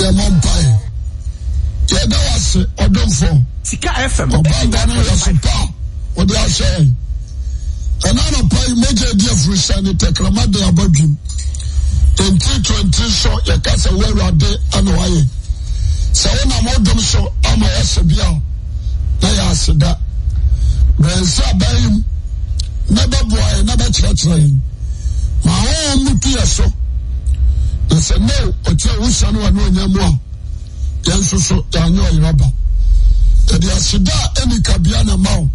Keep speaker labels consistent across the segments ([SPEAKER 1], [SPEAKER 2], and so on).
[SPEAKER 1] yɛ mɔ mpa yi yɛ bɛ wa se ɔdunfo sika fm ɔba gbani yɛ sopa ɔdi ahyɛ yi ɛna na pa yi mogya di afurisa ni tɛkrama de twenty twenty sɔ yɛ kasa wɛwura de ɛna wayɛ sɛ wɔnam ɔdum so ama yɛ se bia na yɛ ase da bɛnsa abayim na bɛ bua yi na bɛ kyerɛkyerɛ yi ma wɔn mu tu yɛ so ɛsɛ mɛ ɔkyerɛ wohyia no wɔne ɔnya mu a yɛn nso so yɛanyɛ ɔyera ba yɛde ahyeda ɛni kabea na ma wo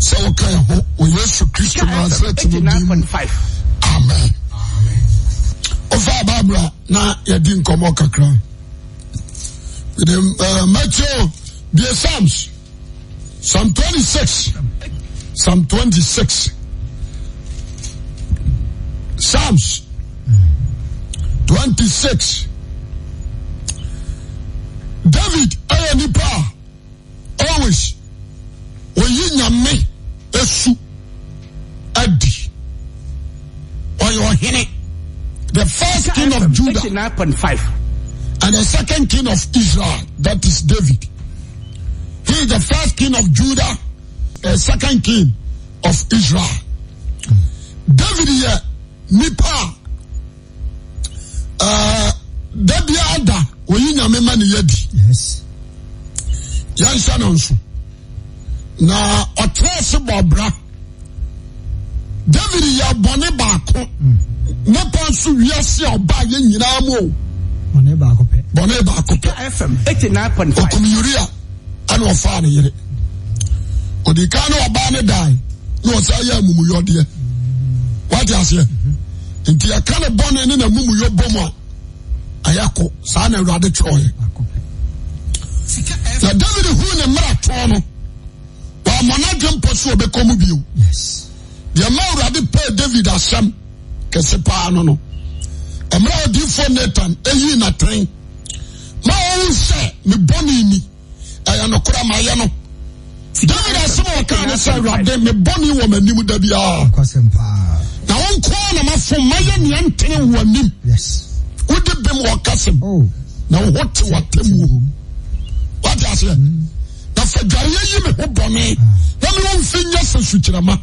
[SPEAKER 1] sɛ wɔka yɛ ho wɔ yesu kristo nasɛte no din amen ɔfaa baabra na yɛdi nkɔmmɔ kakra mede eh, matthew bie psalms psalm 26 psalm 26 psalms 26 david ɛyɛ nipa a always ɔyi nyame asu adi ɔyɛ ɔhene the first king of judah and the second king of israel that is david he is the first king of judah the second king of israel david yɛ nipa da biaa da ɔyi nyame ma ne yɛdi yɛnhyɛ no nso na ɔterɛ se bɔbra david yɛ bɔne baako mm. ne pa so wiase a ɔbaa yɛ nyinaa mu o bɔne baako pɛ ɔkum uria ɛne ɔfaa ne yere ɔdi ka ne ɔbaa ne dan ne ɔsa yɛ amumuyɔdeɛ wate aseɛ nti yɛka ne bɔne ne namumuyɔ bɔ mu a ɛyɛ ko saa na awurade kyerɛɔyɛ eh, na david huu ne mmara tɔɔ no wɔamɔ no adwe mpɔ so wɔbɛkɔ mu bio deɛ ma awurade pɛɛ david asɛm kɛse paa no no ɛmmerɛ odiifoɔ natan ɛyii natren ma ɔwu sɛ ne bɔne ni ɛyɛ nokora ma yɛ no david asem a ɔkaa ne sɛ awurade mebɔne wɔ m'anim da biaa na wonkoa na mafo mayɛ nea ntene wɔ anim wode bem wɔkasem na wo ho te watamuo wate aseɛ na fa dwareɛ yi me ho ah. bɔne na me wɔmfi nyɛ sɛ sukyerɛma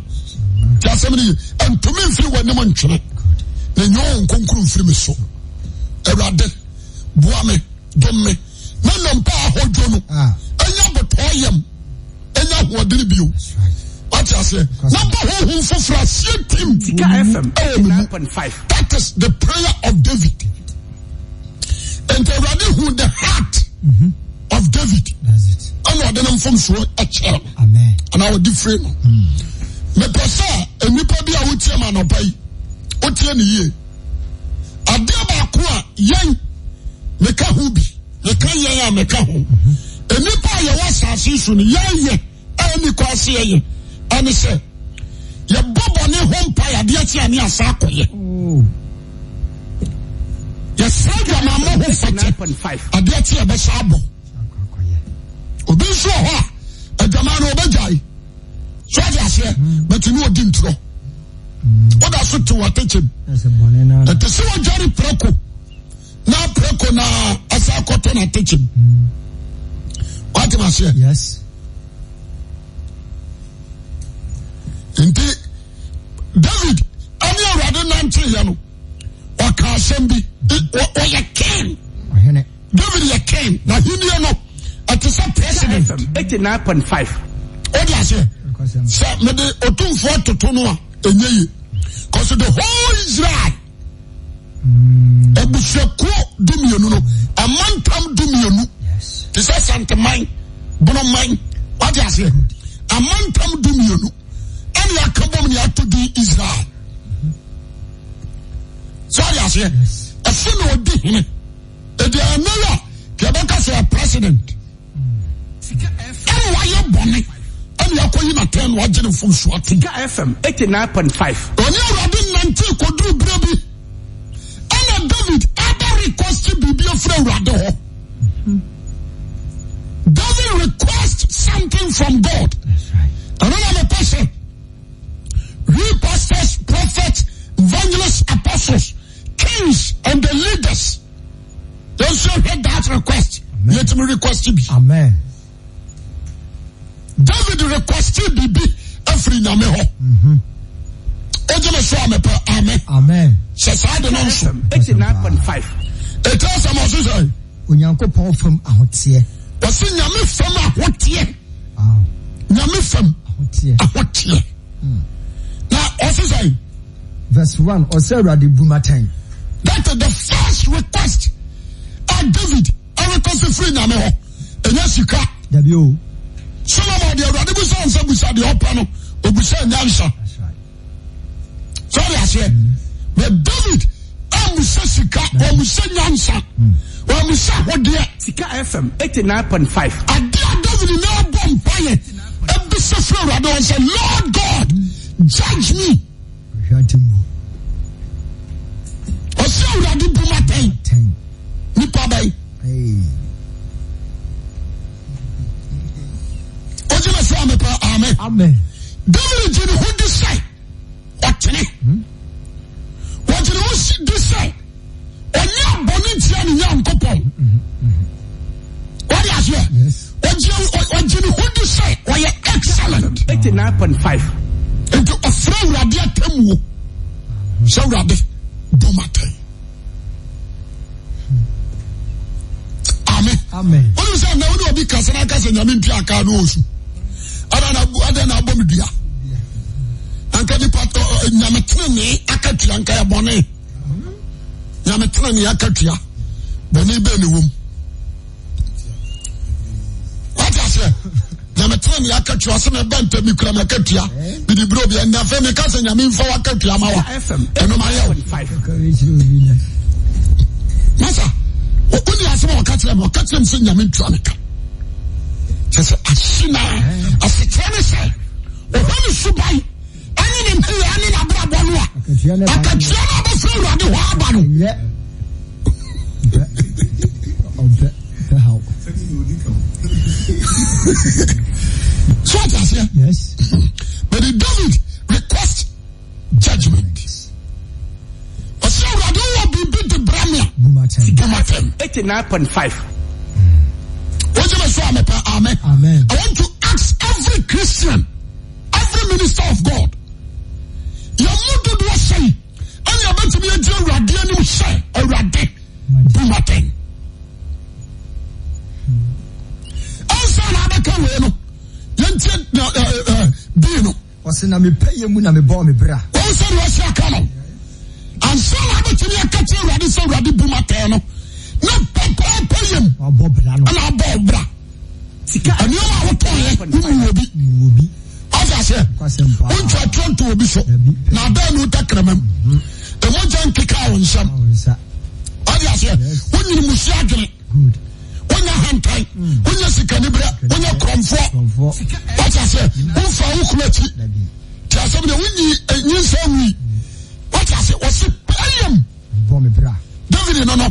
[SPEAKER 1] nti asɛm no ye ɛntumi mfiri w'anim ntwene na nyɛ wo nkonkro mfiri me so awurade boa me dom me na nɔmpa ahodwo no ɛnyɛ botɔɔ yam ɛnya hoɔdene bio wate aseɛ naba honhom foforɔ aseɛ tim eh, that is the prayer of david nti awurade hu the heart mm -hmm. of david ɛna ɔde ne mfomsoɔ ɛkyɛɛ no anaa ɔde fire hmm. no mepɛ sɛ nnipa bi a wotie ma anɔpa yi wotie ne yie adeɛ baako a yɛn meka ho bi meka yɛn a meka ho nnipa a yɛwɔ asase so no yɛyɛ ɛni kɔ ase yɛyɛ ɛne sɛ yɛbɔ bɔne ho mpa yadeɛ kye a ne asa akɔyɛ yɛsrɛ dwamamɔ ho fakyɛ adeɛ kye yɛbɛhyɛ abɔ obi nso wɔ hɔ a adwama no ɔbɛgyae so ade aseɛ mm. bɛtumi ɔdi nturɔ mm. woda so te wɔtɛkyɛm ɛte sɛ wɔgyare prako na prako na ɛsɛ akɔtɔ no atɛkyɛm mm. watbasɛ intɩ david aniarade nanteanʋ wakasɛnbi yɛkɛ david yɛkɛŋ nahinianʋ atɩ sa présidentp5 odiasɛ sa mɛde otʋm fɔatʋtʋnʋwa ɛñeye kosɛ te ho israel ɛbusɛkʋ mm. dumia nʋ nʋ amantam dumianu te sɛ santeman bonoman wate aseɛ amantam du mmienu ɛne aka bom ne ato din israel sɛ wate aseɛ ɛfo na ɔdi hene ɛdi anaya yɛbɛka sɛ president ɛne wayɛ bɔne ɛne akɔyi na tɛn na wagye ne fo nso FM 89.5 ɔne awurade nante kɔduru berɛ bi ɛna david ɛbɛ request biribi afiri awurade hɔ David request something from God. Right. Another person. We pastors, prophets, evangelists, apostles, kings, and the leaders. Those who hear that request, let me request you. Amen. David requested Bibi every un mm-hmm. Amen. Amen. amen. Amen. Amen. Amen. Amen. Amen. Amen. Amen. ɔsi nyame fam ahoteɛ ah. nyame fam ahoteɛ hmm. na ɔsi sɛ. verse one ɔsɛ awurade bumatan. that is the first request a david ɛrekɔsi firi nyame hɔ ɛnyɛ sika. dabi o. solomon de awurade busa nsa busa de ɔpɛ no obusa nyansa sɔɔri aseɛ na hmm. david amusa sika ɔmusa nyansa. Mm. wamusa hodeɛ. sika fm eighty nine point five. ade a david náà bɔ mpaeɛ ebi sɛ fún awurade wọn sɛ lord god judge me. ɔsɛ awurade bu ma tɛn nipa bɛyi. ɔgyina sɛ amepɛ amen. david gyina ho di sɛ ɔtene wɔgyina ho di sɛ ɔnye ntia ne nyankopɔn wode aseɛ sɛ ɔyɛ excellent 89.5 nti awurade sɛ awurade amen wọ́n wọ́n obi kasa eh, nyame osu dua nipa nka nyame tena ne yɛaka tua bɔne bɛ ne wom wate aseɛ nyame tena ne yɛaka tua sɛ meba nta mi kura mɛka tua bi ɛnɛ meka sɛ nyame mfa waka ma wa ɛnom masa wone asɛm ɔka kyerɛ me ɔka kyerɛ m sɛ nyame ntua meka kyɛ sɛ ahye naa asekyerɛ ne sɛ ɔhɔ ne subae ɛne ne mpɛyɛ ne nabra mu a akatua aba no so but david request judgment ɔsɛ awurade de bra me a gumatem 89.5 amen i want to ask every christian every minister of god yɛmu dodoɔ sɛn ɛne yɛbɛtumi agyina awurade anim sɛ awurade bumaten ɛnsa na abɛka wei no yɛntie na bii no ɔsɛ na mepɛyɛ mu na mebɔɔ me bra ɔnsɛ ne ɔsɛ aka no ansa na abɛtumi aka kyerɛ awurade sɛ awurade bumaten no na pɛpɛɛpɛ yam ɛna abɔɔ bra ɛnneɛma a wotɔɔyɛ womuwɔ bi aseɛ wontu atwerɛ nto obi so na adan no wota kramam ɛmogya nkeka wo nsɛm ɔde aseɛ wonyini musu adwene wonya hantan mm. wonya sikaniberɛ wonya korɔmfoɔ wate aseɛ womfa wo koma akyi nti asɛm deɛ wonyi eh, nyinsɛ wui wate aseɛ wɔse payam david no no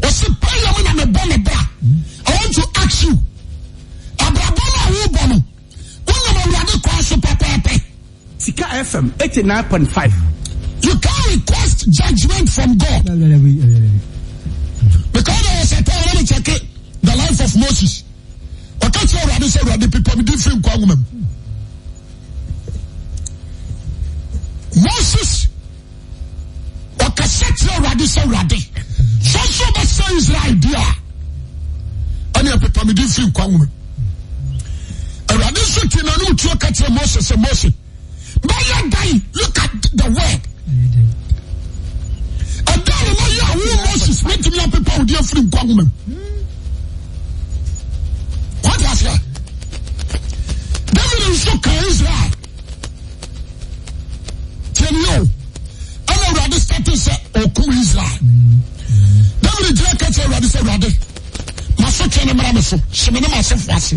[SPEAKER 1] wɔse payam na mebɔ me bra mm. i want to ask you abrabɔ no a wobɔ no awurade kɔ so pɛpɛɛpɛ. sika fm eighty nine point five. you can request judgement from God. because I was a time when they check the life of Moses ɔka kyerɛ awurade sɛ awurade pepa me de firi nkwa nwoma mu. Moses ɔkasa kyerɛ awurade sɛ awurade sɛ is right Israel bia ɛne ɛpepa me de firi nkwa nwoma mu. awurade nso ti n'anim tuo ka kyerɛ mose sɛ mose bɛyɛ dan look at the word ɛdan na ma yɛ awo moses mɛtumi apepa odi afiri nkwa nwoma mu kɔnti aseɛ david nso ka israel tiɛni o ɛna awurade stati sɛ ɔkum israel david gyina ka kyerɛ awurade sɛ awurade maso so ne mmerɛ mi so hyɛn ne fo ase.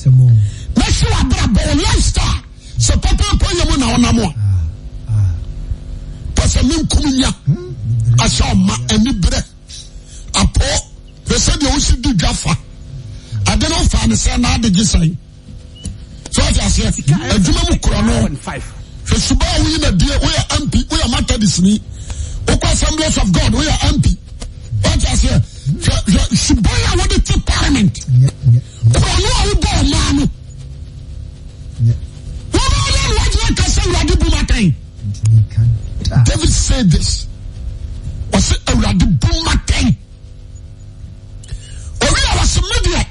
[SPEAKER 1] mɛsi wa bra bɔ o lifestyle sɛ pɔpɔpɔ yɛ mu na ɔnam a ah, ah. pɛsɛ mi nkumi nya hmm? ahyɛ ɔma ani berɛ apɔ pɛsɛ deɛ osi di dwa fa ade no fa ne sɛ n'ade gye sɛn so ɔte aseɛ adwuma e, mu korɔ no hwɛ suba a woyi na die woyɛ mp matter woyɛ matadisini wokɔ assemblies of god woyɛ mp ɔte aseɛ suban a wɔde te parliament kurɔno a wobɔ ɔmaa no wɔmaayɛ no wagyina ka sɛ awurade bu makan david said this ɔsɛ awurade bu makan owi a wɔse Pay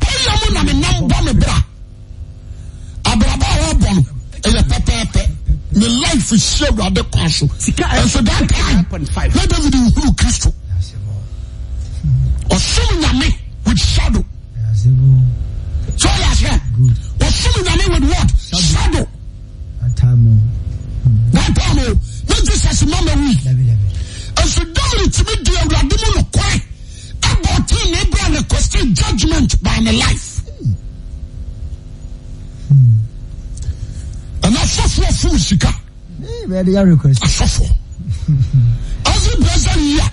[SPEAKER 1] pɛyɛ mu na menam bɔ me bra abraba a wɔbɔ no ɛyɛ pɛpɛɛpɛ ne life hyia awurade kwa so ɛnso time na david nhuru kristo ɔsom nyame with shadow so yɛ aseɛ ɔsom nyame with what shadow natam o na jesus mama wi nso david tumi di awurade mu nokware abɔ ɔtee ne ebra ne question judgement by ne life ɛna asɔfoɔ fom sika asɔfoɔ ɔsi president yia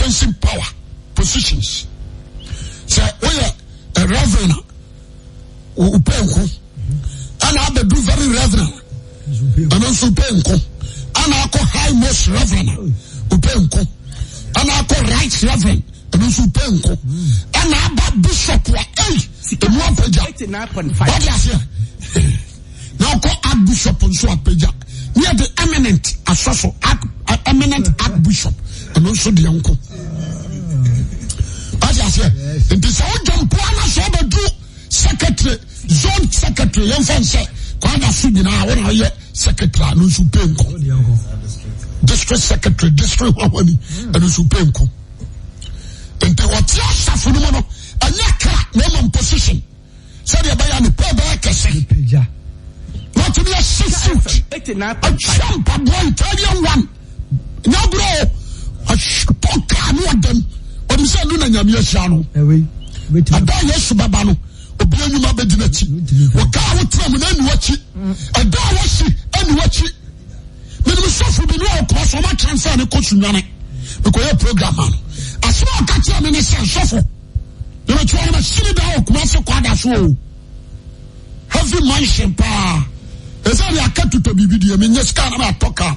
[SPEAKER 1] changing power positions sɛ woyɛ a reverend wopɛ nko ɛna abɛdu very reverend ɛno nso wopɛ nko ɛna akɔ high most reverend wopɛ nko ɛna akɔ right reverend ɛno nso wopɛ nko ɛna aba bishop a ei ɛmu apagya wode aseɛ na ɔkɔ archbishop nso apagya ne yɛde eminent asɔfo eminent archbishop ɛno nso deɛ nko ate aseɛ nti sɛ wogya mpoa no sɛ du secretary zone nyinaa a nso pɛ nko district secretary district hwahwani ɛno nso pɛ nko nti wɔte asafo no mu no ɛnyɛ kra na position sɛdeɛ ɛbɛyɛ ne pɛ bɛyɛ kɛse wɔtumi yɛ six foot mpaboa one ɔhyɛpɔ kaa no ɔdam ɔnim sɛ ɛno na nyame ahyia no ɛda yesu bɛba no obi anwuma bɛgyina akyi wɔkaa wotena mu na anu akyi ɛda wɔhyi anu akyi menim sɔfo bi ne ɔkɔ so ɔmakyerɛ sɛ ne kɔ sunwane mekɔyɛ program a no ɔka kyerɛ me ne sɛ sɔfo yɛmɛtwerɛ no mahyene da ɔkoma se kɔ ada so o heavy mansion paa ɛsɛ ne aka totɔ biribi deɛ menyɛ sika na maatɔ kaa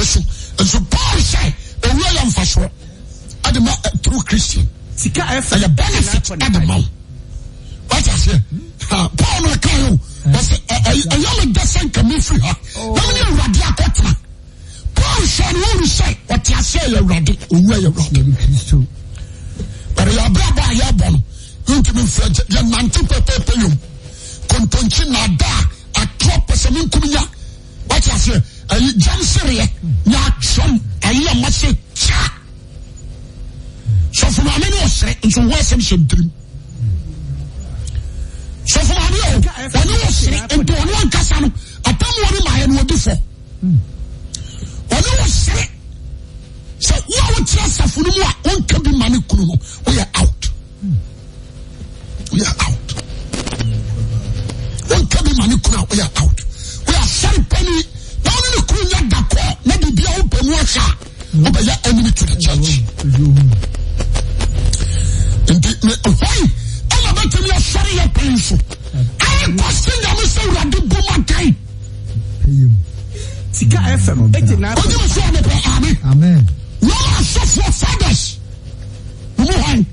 [SPEAKER 1] salvation nso paul sɛ owura yɛ mfasoɔ ɛde ma true christian sika ɛfɛ eh, ɛyɛ benefit ɛde ma wo wata seɛ paul na ɛka yɛ o ɔsɛ ɛyɛ me dɛsɛ nka me firi ha na me ne awurade akɔtena paul sɛ no wɔn sɛ ɔte aseɛ yɛ awurade owura yɛ awurade ɛrɛ yɛ abɛ abɔ a yɛ abɔ no ntumi nfɛ nkyɛn yɛ nante pɛpɛɛpɛ yom kɔntɔnkye na ada a atorɔ pɛsɛ me nkum ya wata seɛ ɛyi gyamsereɛ na atwam ɛyi a mase kya sɔfo maame ne ɔsere nso wɔn asɛm hyɛ ntirim sɔfo maame o wɔne ɔsere nti wɔne ankasa no atam wɔne maayɛ no wɔdi fɔ wɔne ɔsere sɛ wo a wokyerɛ asafo no mu a wɔnka bi ma ne kunu no woyɛ out woyɛ out wɔnka bi ma kunu a woyɛ out woyɛ asɔre panyin wonya da kɔ na biribia wopɛmu ahyɛ a wobɛyɛ enemy to the church nti hwan ɛna bɛtumi asɔre yɛ pɛn so ɛyɛ kɔse nyame sɛ wurade boma dan sika fm ɔgyeme so amepɛ ame wɔma asɔfoɔ fathers mo hwan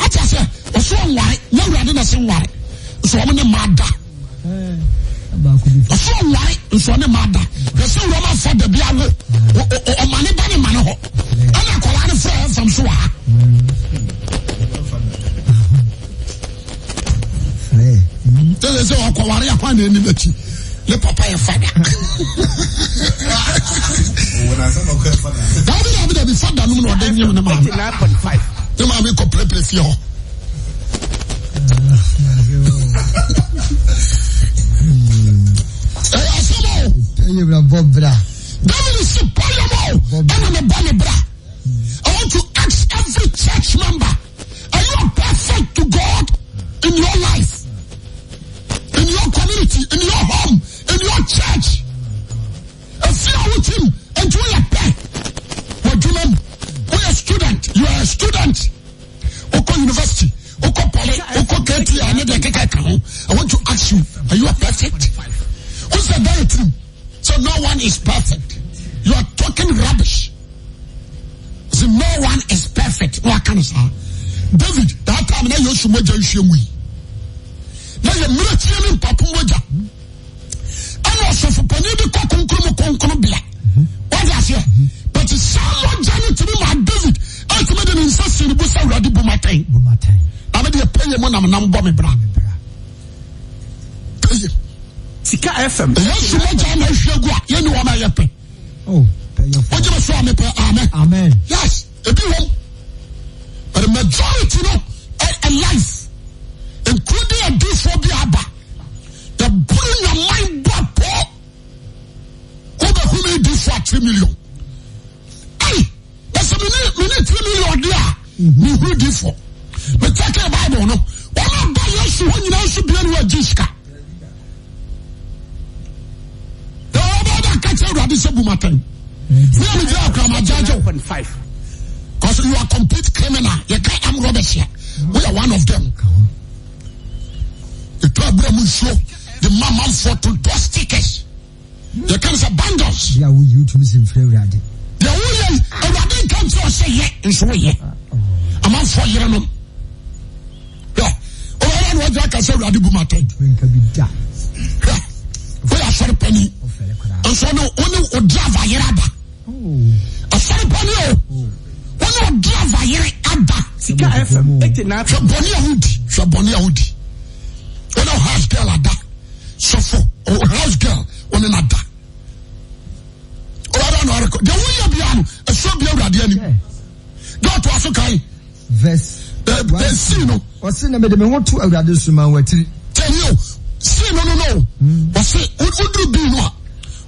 [SPEAKER 1] ata sɛ ɔso nware na awurade na se nware nso ɔmo ne ma da ɔso nware nso ɔne ma da yɛsɛ wurama fa dabi awo ɔmane ba ne ma ne hɔ ɛna akwadaa ne fura yɛn fam so wa. tẹ́lẹ̀ sẹ́ ọkọ̀ wàrí akọ́ àná ẹni n'akyi ne papa yɛ fada. dàbí dàbí dàbí fada num na ɔdẹ ní ɛmu ne maa mi ne maa mi kɔ pèrèpèrè fi hɔ. Ah, I want to ask every church member, are you perfect to God in your life, in your community, in your home, in your church? And you are with him and you are pay, you are a student, you are a student. Oko University, Oko Poly, Oko KT, I need I want to one is perfect. You are talking rubbish. So no one is perfect. What can I David, that time na Yosu Moja Yosu Mui. Na yɛ mmerɛ tie ne mpapo mogya. Ɛna ɔsɔfopanin bi kɔ konkrom konkrom bea. Wɔde aseɛ. But saa mogya no tumi ma David ɛtumi de ne nsa si ne bo sɛ awurade bomatɛn. Bomatɛn. Na mede yɛ pɛyɛ mu nam nam bɔ my bra. Pɛyɛ mu sika fm. yesu bɛ jaa na ehwɛ gu a yanni wɔn ma yɛ pɛ. o jẹ́ bẹ fún mi pẹ amen. yes ebi wɔm but the majority no ɛ life including adiifo bi aba the blue na mind back. pɔ o bɛ hu mi three million ayi ɛsɛ mi ni mi ni three million di a mi hu adiifo mi tɛ kɛ bible no wɔn aba yesu wɔn nyinaa nso bia ni wɔn agyi sika. awurade sɛ bu matan cause you are complete criminal yɛ am robbers yɛ we are one of them etu abira mu nsuo the mama nfo tuntun stickers yɛ ka sɛ bangles. bí a awurade. yà wò yẹ awurade nkan tí o sẹ yẹrẹ nom yà ɔwọ́n ni wọ́n jẹ́ awurade bu matan. o yà sọ̀rọ̀ nso no wone wo driver yere ada ɔsɔre oh. bɔne o wone wo driver yere ada sika fm hwɛ bɔne a wodi hwɛ bɔne a wodi wone wo house girl ada sɔfo house girl wone no ada wada no arekɔ deɛ woyɛ bia no ɛsuo bia awurade anim dɛ ɔtoa so kae verse eh, eh, no ɔse na de me ho to awurade so ma wɔatiri tɛni o Si no no no hmm. ɔse woduru bii no a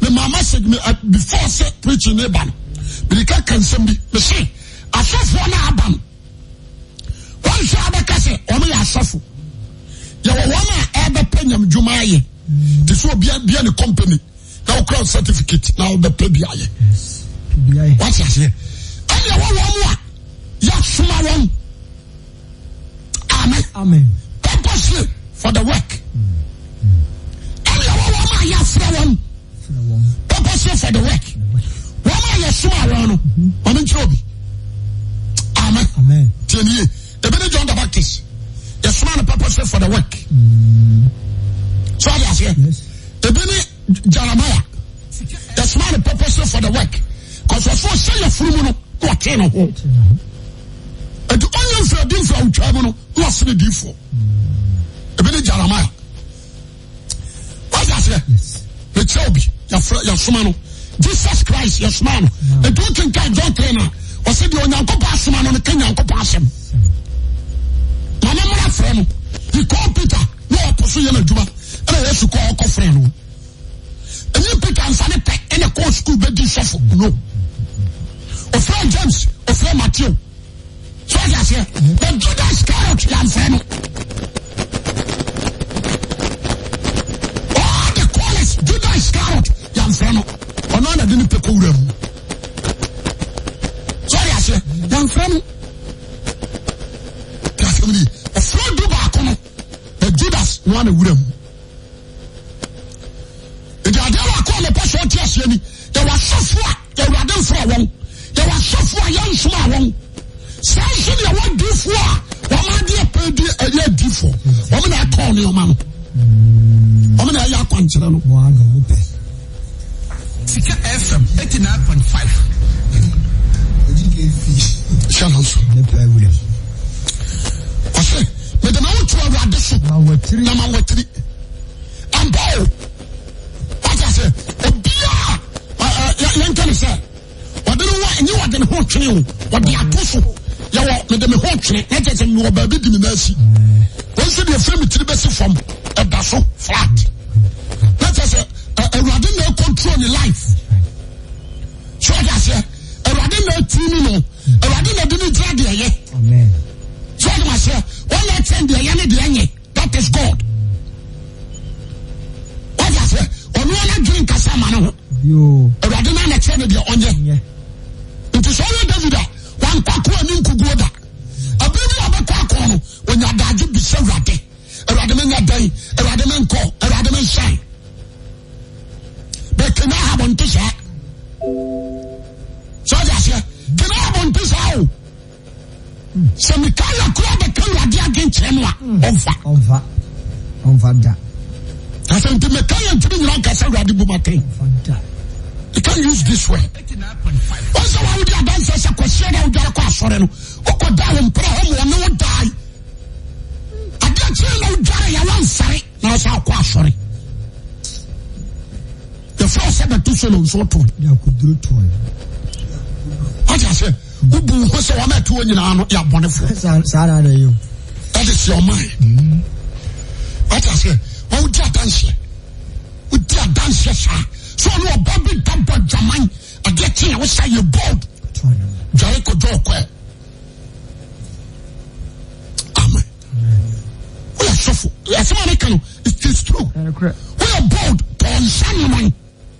[SPEAKER 1] me ma message me uh, before say preaching ne ba no birika kansɛm bi me se asɔfoɔ no aba no wɔnhwɛ abɛka sɛ ɔno yɛ asɔfo yɛwɔ wɔn a ɛbɛpɛ nyam dwuma ayɛ te sɛ obia bia ne company na wokura certificate na wobɛpɛ bi ayɛ wate aseɛ ɛne ɛwɔ wɔn mu a yɛasoma wɔn amen amen purposely for the work ɛne ɛwɔ wɔn a yɛafrɛ wɔn here for the work. Wọ́n máa yẹ suma wọn no, wọ́n mi obi. Amen. Tiẹ̀ ni ye, ebi ni John the Baptist, yẹ suma no purposely for the work. So adi aseɛ, ebi ni Jeremiah, yẹ suma no purposely for the work. Kọ̀sọ̀fọ̀ ṣe yẹ funu mu no, kò wà tẹ̀ ní hó. Èti ọ̀nyẹ̀ nfẹ̀ di nfẹ̀ awùtwa mu no, kò wà sí ni di ifọ̀. Ebi ni Jeremiah. Wọ́n adi aseɛ, lè kyerɛ obi. yɛsoma no jesus christ yɛsoma no o wokenka john three no o ɔsɛ deɛ onyankopɔn asoma no no ka nyankopɔn asɛm O meu mmara frɛ no he called peter na ɔpo so yɛ no adwuma ɛna yesu kɔ ɔkɔ frɛ no ɛnyɛ peter nsa ne pɛ ɛna kɔɔ sukuu bɛdi sɔfo no ɔfrɛ james ɔfrɛ matthew so ɔde aseɛ but judas carrot yɛamfrɛ no nsa no ɔno ana de ne pɛ kɔ wura mu sɔre aseɛ yɛmfrɛ no kasɛm ni ɛfrɛ du baako no na judas no ana wura mu nti adeɛ baako a mepɛ sɛ ɔte aseɛ ni yɛwɔ asɔfo a yɛwurade mfra wɔn yɛwɔ asɔfo a yɛnsoma wɔn saa nso deɛ wɔadifoɔ a wɔn adeɛ pɛ di ɛyɛ adifoɔ wɔn na ɛkɔɔ nneɛma no wɔn na ɛyɛ akwankyerɛ no. Sika FM 89.5. Shalom. Ɔsɛ mɛdɛm awo tu awurade so na ma wɔtiri ambao wata sɛ obiara yɛnka ne sɛ ɔde ne ho ɛnyɛ ɔde ne ho twene o ɔde ato so yɛwɔ mɛdɛ me ho twene na kyɛ sɛ mewɔ baabi di me n'asi wɔn sɛ deɛ fɛn mi tiri bɛsi fam ɛda so flat na kyɛ sɛ control your life. nso to wate aseɛ wobu ho sɛ wɔma ɛto wɔ nyinaa no yɛabɔnefoɔ ɛde sɛ ɔma wate aseɛ wawodi adanseɛ wodi adanseɛ saa sɛ ɔne ɔba bi dabɔ dwaman adeɛ kyeɛ wo sa yɛ bold dware kɔdwɔ ɔkɔɛ amen woyɛ sɔfo yɛsɛma ne ka no it's true woyɛ bold pɔnsa noman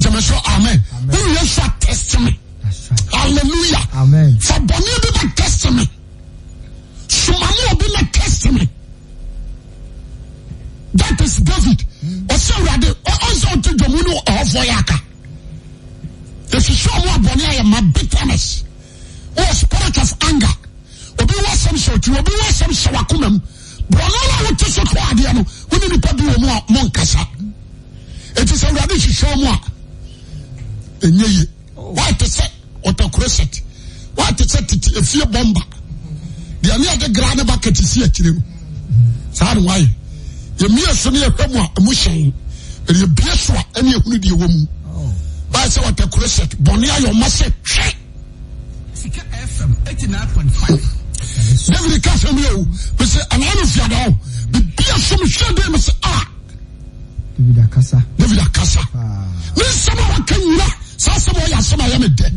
[SPEAKER 1] jẹmẹsọ amen wọn yẹ sọ testimony? me hallelujah amen fabọni ebi bẹ test me sumani obi na testimony. that is David ọsẹ hmm. awurade ọsẹ ọtí jọmọ ní ọhọfọ yà ká esisi ọmọ abọni ayẹ ma bitterness wọ spirit of anger obi wa sẹm sẹ ọtí obi wọ sẹm sẹ wakoma mu bọlọ náà so kọ́ adé no wọ́n ní nípa bí wọ́n mu a mọ̀ nkasa ètí sẹ awurade hyehyẹ ọmọ a ɛnyɛ yie waate sɛ ɔtakuroset waate sɛ titi efie bɔmba deɛ ne yɛde gra ne bakɛte si akyire no saa ne waayɛ yɛmia so ne yɛhwɛ mu a ɛmu hyɛn ɛde yɛbie so a ɛne yɛhunu deɛ wɔ mu bae sɛ ɔtakuroset bɔne ayɛ ɔma sɛ hwɛ david ka sɛ mi o mesɛ anaa no fiada o bibia a david akasa david akasa ah. sasmyasomymde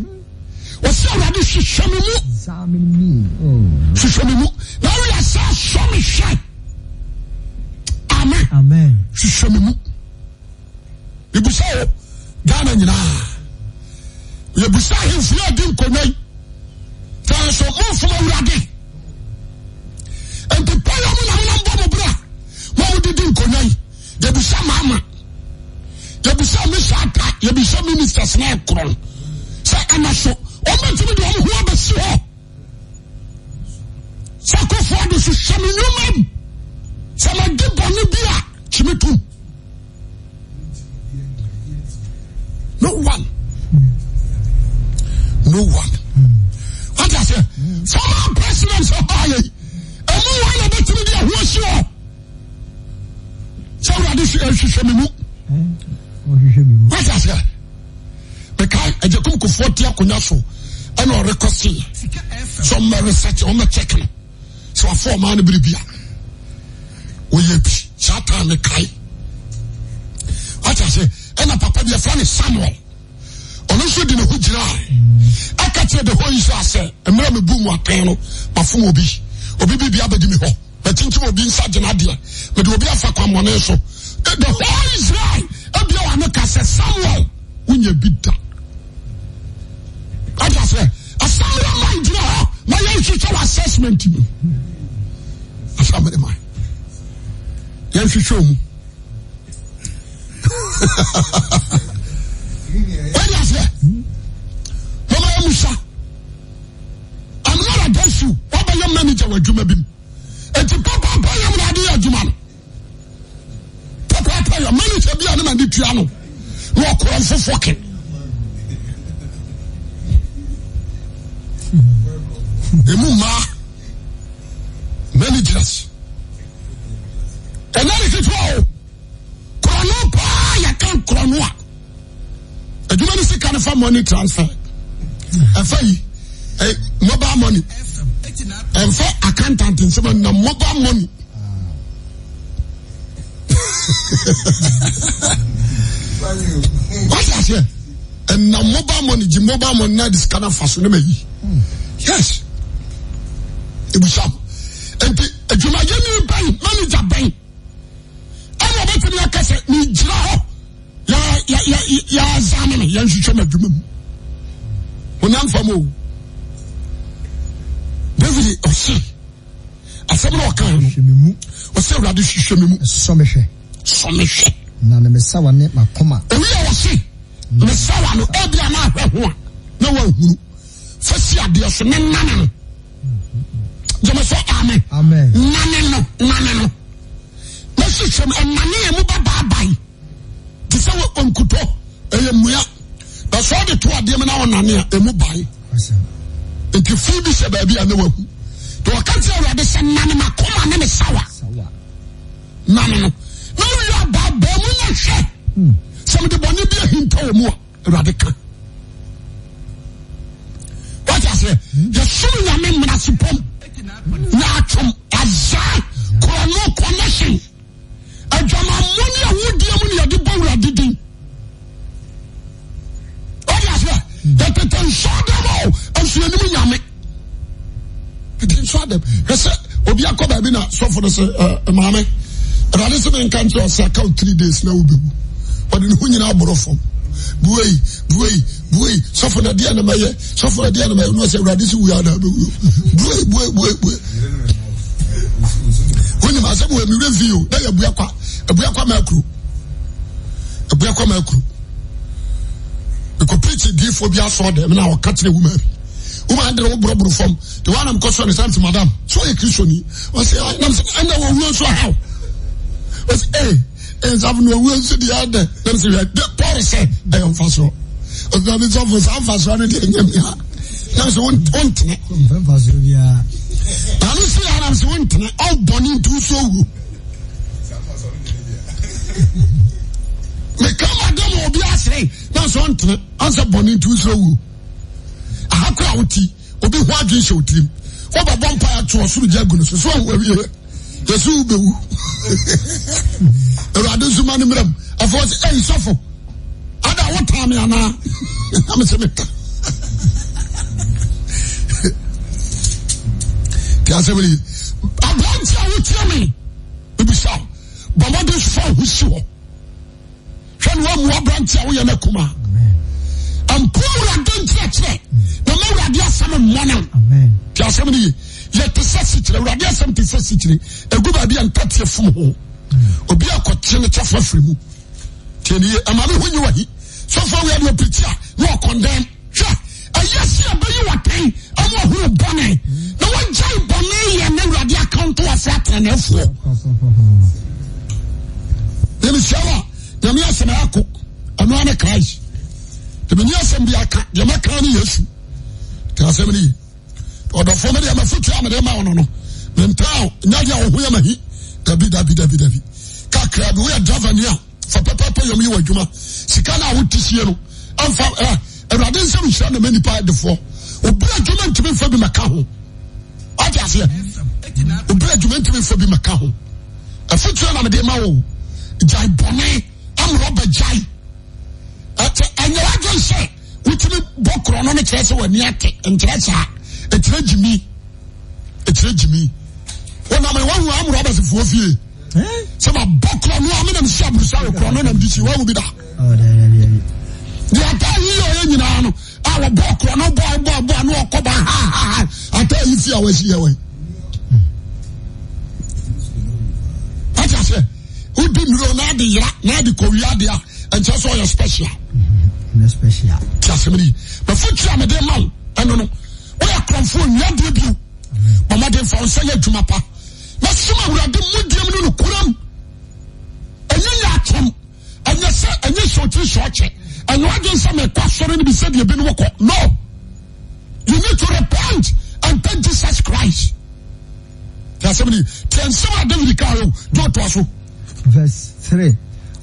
[SPEAKER 1] serade ssmmsmm nayasa somsha amen sésmmu ebusao ganayina yabusa fuedi nkono so ufumawurade nte payomu nalabom bra mawudidi nkon dabusa mama yɛbisa me saata yɛbisa ministers na ɛkorɔ sɛ anaso ɔmɛtumi de ɔmo ho abɛsi hɔ sɛ akɔfoɔ de so hyɛ me ɔte akonnwa so ɛna ɔrekɔ see sɛ ɔmma research ɔmma check no sɛ wafa ɔmaa no bere bia wɔyɛ bi saa taa ne kae wata sɛ ɛna papa bi ɛfra ne samuel ɔno nso de ne ho gyinaa aka kyerɛ de hɔ israel sɛ mmerɛ mebu mu atɛn no mafom obi obi bibia bɛdi me hɔ makyinkyim obi nsa gyena deɛ mede obi afa kwammɔne so the whole israel abia wa no ka samuel wonya bi da ad se asanwa ma ginaho maye seswew assessment m asamdema yenswe twmu wenea se momayamusa amner boso wobaye manage w aduma bim enti papapayemnadey aduman pappae manaje bianemane tuano nokro fofo ke emu mmaa managers ɛnna ne ketewa o kurɔno paa yɛka kurɔno a adwuma ne sika ne fa money transfer ɛfa yi ɛ mobile money ɛnfɛ accountant nsɛm na mobile money. wọ́n ti àṣẹ ẹ̀ na mobile money jí mobile money náà di scanner fa so ne ma yi. yes imusa enti adwumayemi ban manogya bɛn ɛmɛbetimiaka sɛ megyira hɔ yɛazamono yahweswam adwuma mu nfam bef ɔse asɛm no ɔka ɔsɛ awurade hweswɛm musmehwɛ smewɛ nan mesawa ne mako owia ose mm. mesawa no biana ahwhoa nawahuru sisi adeɛ so ne nane no gyeme sɛ amen nane no nane no na hyehyɛ no ɔnane yɛ mu babaabae te sɛ wɔ ɔnkutɔ ɛyɛ mmua na sɛ ɔde to adeɛ mu na ɔnane a ɛmu bae nti fuu bi hyɛ baabi a ne wahu nti wɔka kyerɛ awurade sɛ nane makoma ne me sawa nane no na wowie abaabaa mu nyɛ hwɛ hmm. sɛ mede bɔne bi ahinta wɔ mu a awurade ka yɛsom nyame mmarasepɔm na atwom azae korɔno connection adwamammɔ ne ahodeɛ mu ne yɛde bɔ wurade din ɔde asɛ yɛtete nsɔ dɛm o ansuanim nyame tete nsɔ dɛm hwɛ sɛ obi akɔ baabi na sɔfo no sɛ maame awurade sɛ menka nkyerɛ ɔsɛ aka wo three days na wobɛwu ɔde ne ho nyinaa borɔ fam buwei buwei buwei sɔfo na deɛ nama yɛ sɔfo na deɛ nama yɛ n'ɔsɛ awurade si wuya na bɛ wuyo buwei buwei buwei buwei wọnyi ma asɛm wɔ mi wura fi o na yɛ bua kwa ebua kwa maa kuro ebua kwa maa kuro ekɔ pirikyi diifo bi asɔ dɛm na ɔka kyerɛ wuma bi wọ́n adi na wọ́n buraburu fam the one am kọ́sọ́ ni santi madam sọ yẹ kiri sọ ni wọ́n sẹ́ ẹ̀ ẹ̀ ẹ̀ ẹ̀ wọ́n wúlò sọ ha o wọ́n sẹ́ ẹ̀ nsafo na owu nso deɛ ɛdɛ ɛn sɛ yɛ de pɔri sɛ ɛyɛ nfa soɔ ɔsɛ ne sɔfo saa nfa soɔ ne deɛ nyɛ mia nam sɛ wɔntene ano si yɛ anam sɛ wɔntene ɔbɔne ntu so wu mekama dɛ ma obi asere nam sɛ ɔntene ansɛ bɔne ntu so wu aha kora ti obi ho adwen hyɛ wo tirim wɔbɛbɔ mpa yɛ to ɔsoro gya agu no so so ɔwo awie yɛsɛ wobɛwu awuade nso mane mram ɔfo s asofo ada wo tame anaaɛ arantiawotme isa bamadesfa ho si hɔ hwɛnwamua abrantia woyɛn m mpo nk kyerɛ mae amn ɛerkrna fom obi akɔkye ne kyɛfa firi mu tiɛniye ɛma mi ho nyi wahi sɔfo awia de opiti a na ɔkɔndɛm hwɛ ɛyɛ si abɛyi watɛn ɔmo ɔhoro bɔnɛ na wɔgya bɔnɛ yɛ ne wurade akanto afra atɛnɛfoɔ yɛmisiawa nyame asɛm ɛyako ɛno ane christ tɛmɛnyi asɛm bi aka deɛ mɛka ne yesu tɛ asɛm ne yi ɔdɔfoɔ mɛde ɛmɛfotua mɛde ɛma ɔno no dabi dabi dabi kakra bi woyɛ driver ni a fa wɔ adwuma sika na awo ti sie eh, no nsɛm nhyira na mɛ nipa obi adwuma ntumi nfa bi ma ka ho ɔdi aseɛ obi adwuma ntumi nfa bi ma ka ho na ma wo gyae bɔnne amuro bɛ gyae ɛtɛ eh, ɛnyɛ nsɛ wotumi bɔ korɔ no ne kyerɛ sɛ ate nkyerɛ saa gyimi gyimi wɔnam ɛwɔ hu amuro fie. sɛ mabɔ kora no a menam si aburusa wo kora no nam de si wawu bi da deɛ ata yi yɛ ɔyɛ nyinaa no a wɔbɔ kora no bɔ bɔ bɔ ne wɔkɔ ba hahaha ata yi fi a wɔahyia wɔ akyɛ sɛ wodi nnuro na ade yera na ade kɔwia ade a ɛnkyɛ sɛ ɔyɛ special ti asɛm ne yi mafotua mede ma wo ɛno no woyɛ korɔmfoɔ nnuadeɛ bio ɔmɔde mfa wo nsɛ yɛ adwuma pa wɔsom awurade mudiam no nokoram ɛnyɛ nyɛ akyɛm ɛnyɛ sɛ ɛnyɛ sɛ ɔkyiri ɛnyɛ wagye sɛ mekɔ asɔre no bi sɛdeɛ bi no wɔkɔ no you need to repent and thank jesus christ tiasɛm ni tiɛnsɛm a david kaa yɛ o de ɔtoa so verse three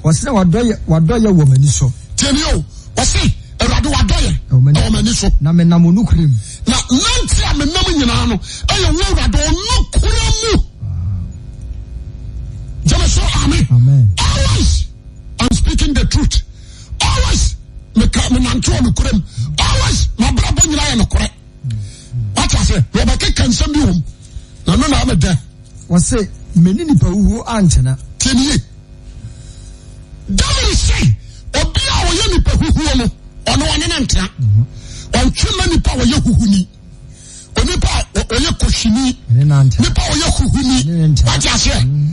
[SPEAKER 1] wɔsɛ wadɔyɛ wadɔyɛ wɔ m'ani so tiɛni o wɔsɛ awurade wadɔyɛ ɛwɔ m'ani so na menam onukurim na nante a menam nyinaa no ɛyɛ wo awurade ɔnukuram mu Amen. Always, I'm speaking the truth. Always, me menantewa nukurem. Always, mabrabo nyina yɛ nukure. Wata se, wɔbɛke kansɛm bi wom. Na no na amedɛ. Wɔse, meni nipa wuhu ankyena. Tinie. David se, obi a wɔyɛ nipa huhuo no, ɔno ɔne ne ntena. Ɔntwe mhm. ma nipa wɔyɛ huhuni. Onipa a ɔyɛ kohini. Nipa a ɔyɛ huhuni. Wata se.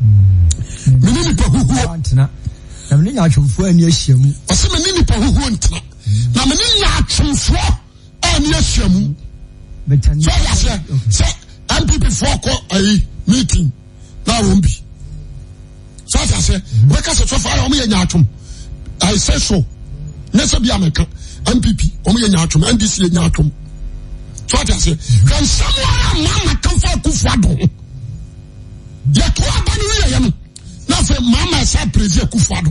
[SPEAKER 1] mene nia smenenipa hoho ntena na mene yaatwonfu ane asiamu mpp f k i meetin nb syɛ yatwo ses esɛ bmk mpp yɛ yawnyawo sofs sammamakefoakufuado mm-hmm. yɛt aba no weyɛyɛ no na mamasɛpekfdɛɛɛɛɛ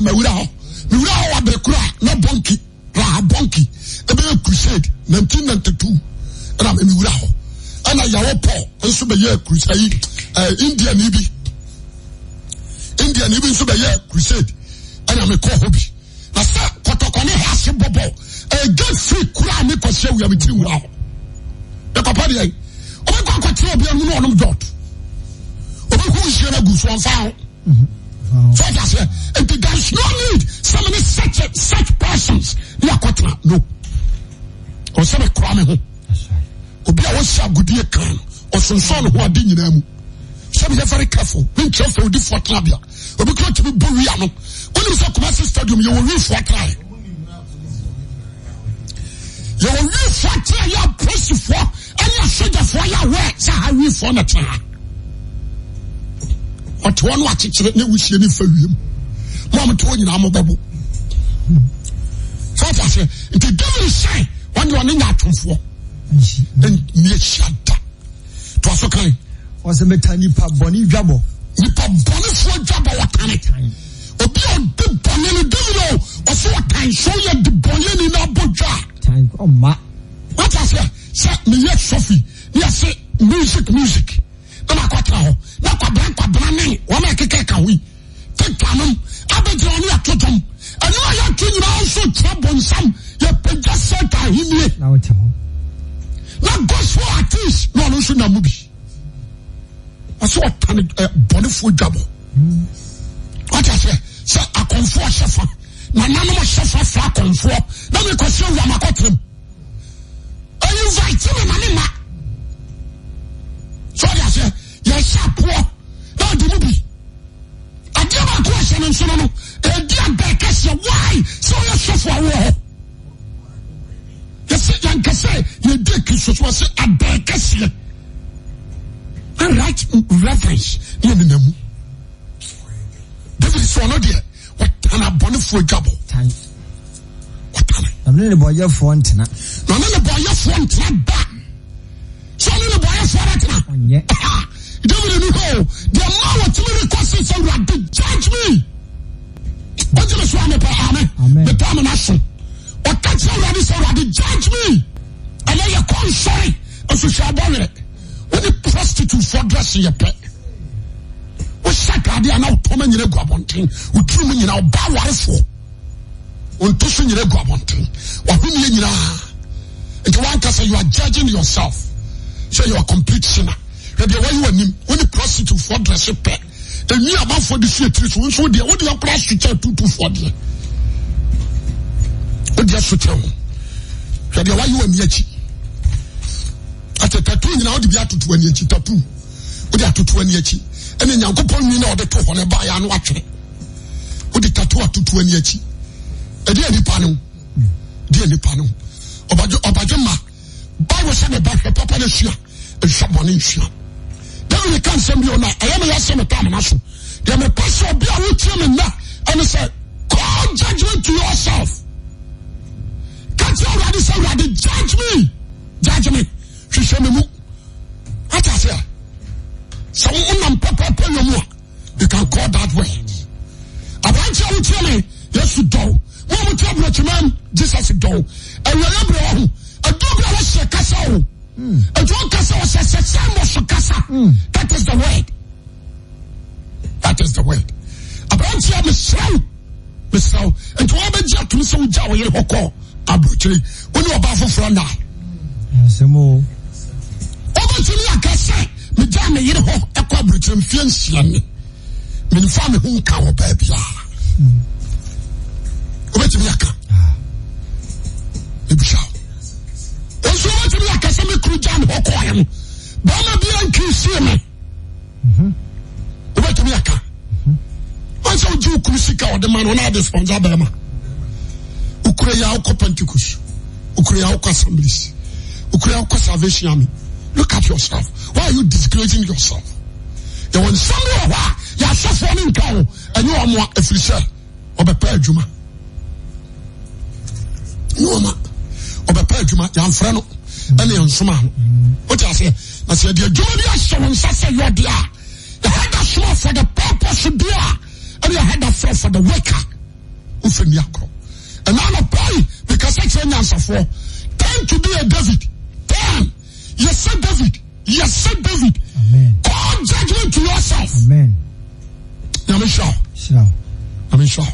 [SPEAKER 1] mi wila ho, mi wila ho wabre kura nan banki, raha banki e beye kused, 1992 e dami mi wila ho anayawo po, en soubeye kusayi e Indianibi Indianibi en soubeye kused, an ame kwa ho bi nasa, kwa tokone hasi bobo e gen fi kura ane kwa sewe yami ti wila ho e kapadi yay, ome kwa kwe chwe obi an unonon dot ome kwa ushele guswan sa ho mhm Fọ́jà sẹ́, And there is no need so many such such persons ní akọ́tìmá no. Ọ̀sẹ̀ mi kura mi ho. Obi a wọ́n ṣe agudie kan ọ̀sọ̀nsọ̀n ho adi nyinaa mu. Sẹ́ mi yẹ very careful, mi n kyerẹ́ fẹ́ odi fọ́ tẹ́lá bíà. Obi kúrò tìmí bó wíyà no. Wọ́n ní sẹ́ Kumasi stadium yẹ wọ wí fọ́ tẹ́lá you Yẹ wọ wí fọ́ tẹ́lá yẹ apọ́sifọ́ ẹni asọ́jàfọ́ yẹ awẹ́ sẹ́ ha ɔte hɔ no akyekyere ne wusie ne fa wiem mo a mote hɔ nyinaa mobɛbo sɛ ɔfa sɛ nti david sɛe wɔne ɔne nya atomfoɔ neahyia da toa so kan ɔsɛ mɛta nipa bɔne dwabɔ nipa bɔnefoɔ dwabɔ wɔtane obi a ɔde bɔne no david o ɔsɛ wɔtan sɛ woyɛ de bɔne ni na abɔ dwa a wata sɛ sɛ meyɛ sɔfi ne yɛse music music sɛ ɔtane bɔnefoɔ dwabɔ wate sɛ sɛ akɔmfoɔ hyɛ fa nananom hyɛ fa fa akɔmfoɔ na mekɔsɛ wura makɔterem ɛyinvaite me ma ne ma sɛ ɔde aseɛ yɛhyɛ apoɔ na ɔde mu bi adeɛ baako ahyɛ no nso no no ɛdi abɛɛ kɛseɛ wae sɛ ɔyɛ sɔfo awoɔ hɔ yɛsɛ yɛnkɛ sɛ yɛdi akristo so wɔ sɛ abɛɛ kɛseɛ na right reverence ne yɛ nenamu david sɛ ɔno deɛ wɔtane abɔnefoɔ adwabɔ ɔtane ɔne ne bɔyɛfoɔ ntena na ɔne ne bɔyɛfoɔ ntena da sɛ ɔne ne bɔyɛfoɔ no tena oh, david ne hɔ deɛ ma wɔtumi rekɔ se sɛ awurade judge me ɔgye me so a mepɛ ame mepɛ me no so ɔka kyerɛ awurade sɛ awurade judge me ɛnɛ yɛkɔ nsɔre asusuabɔwerɛ prostitute for dress yɛ pɛ wohyɛ ataadeɛ a na wotɔma nyina agu abɔnten wotirim nyina ɔba warefoɔ wonto so nyina agu abɔnten wahoneɛ nyinaa nti wanka sɛ you are judging yourself sɛ you are complete sinner baabi a wayi w'anim wone prostitute for dress pɛ ɛnwi amanfoɔ de sua tiri so wo nso wodeɛ wodeɛ kora sokyɛ tutufoɔ deɛ wodeɛ sokyɛ ho hwɛ deɛ wayi w'ani akyi sɛ tatuu nyinaa wode bi atoto ani akyi tatuu wode atoto ani akyi ɛne nyankopɔn nwi na ɔde to hɔ no baeɛ no atwere wode tatuu atoto ani akyi ɛdeɛ nipa no deɛ nipa no ɔbadwe ma bible sɛ ne bahwɛ papa no sua ɛhwɛ bɔne nsua david ka nsɛm bio na ɛyɛ me yɛsɛ me tamena so deɛ mepɛ sɛ obi a wotie me nna ɛne sɛ call judgment to yourself ka kyerɛ awurade sɛ awurade judge me judge me hwehwɛ me mu ate ase a sɛ wonam pɛpɛpɛ wɔ a you can call that way aberanteɛ wotie me yesu dɔw wo a wotie aburokyimaa jesus dɔw awurade berɛ wɔ ho aduru bi a wɔhyɛ kasa o hmm. aduru kasa wɔhyɛ sɛ sɛ so kasa hmm. that is the word that is the word aberanteɛ mesrɛ wo mesrɛ wo nti wɔbɛgye atom sɛ wogya wo hɔ kɔɔ aburokyiri wo ne ɔbaa foforɔ naa kese ea yer o rei nsia a a woko pentecos owoko assembles owoo sevationn look at yourself. Why are you disgracing yourself? You want somebody who you are suffering from, and you are more efficient. Obepere juma. You are obepere juma. You are friend. are unsuma. What I say? I say the juma be a show and say you are there. The head of show for the purpose of there, ah, and the head of show for the worker. Ufe niyakro. And I'm a boy because I say I'm suffering. Time to be a David. Time. Yes, sir, David. Yes, sir, David. Amen. Call judgment to yourself. Amen. Yamisha. Sure. Yamisha. Sure.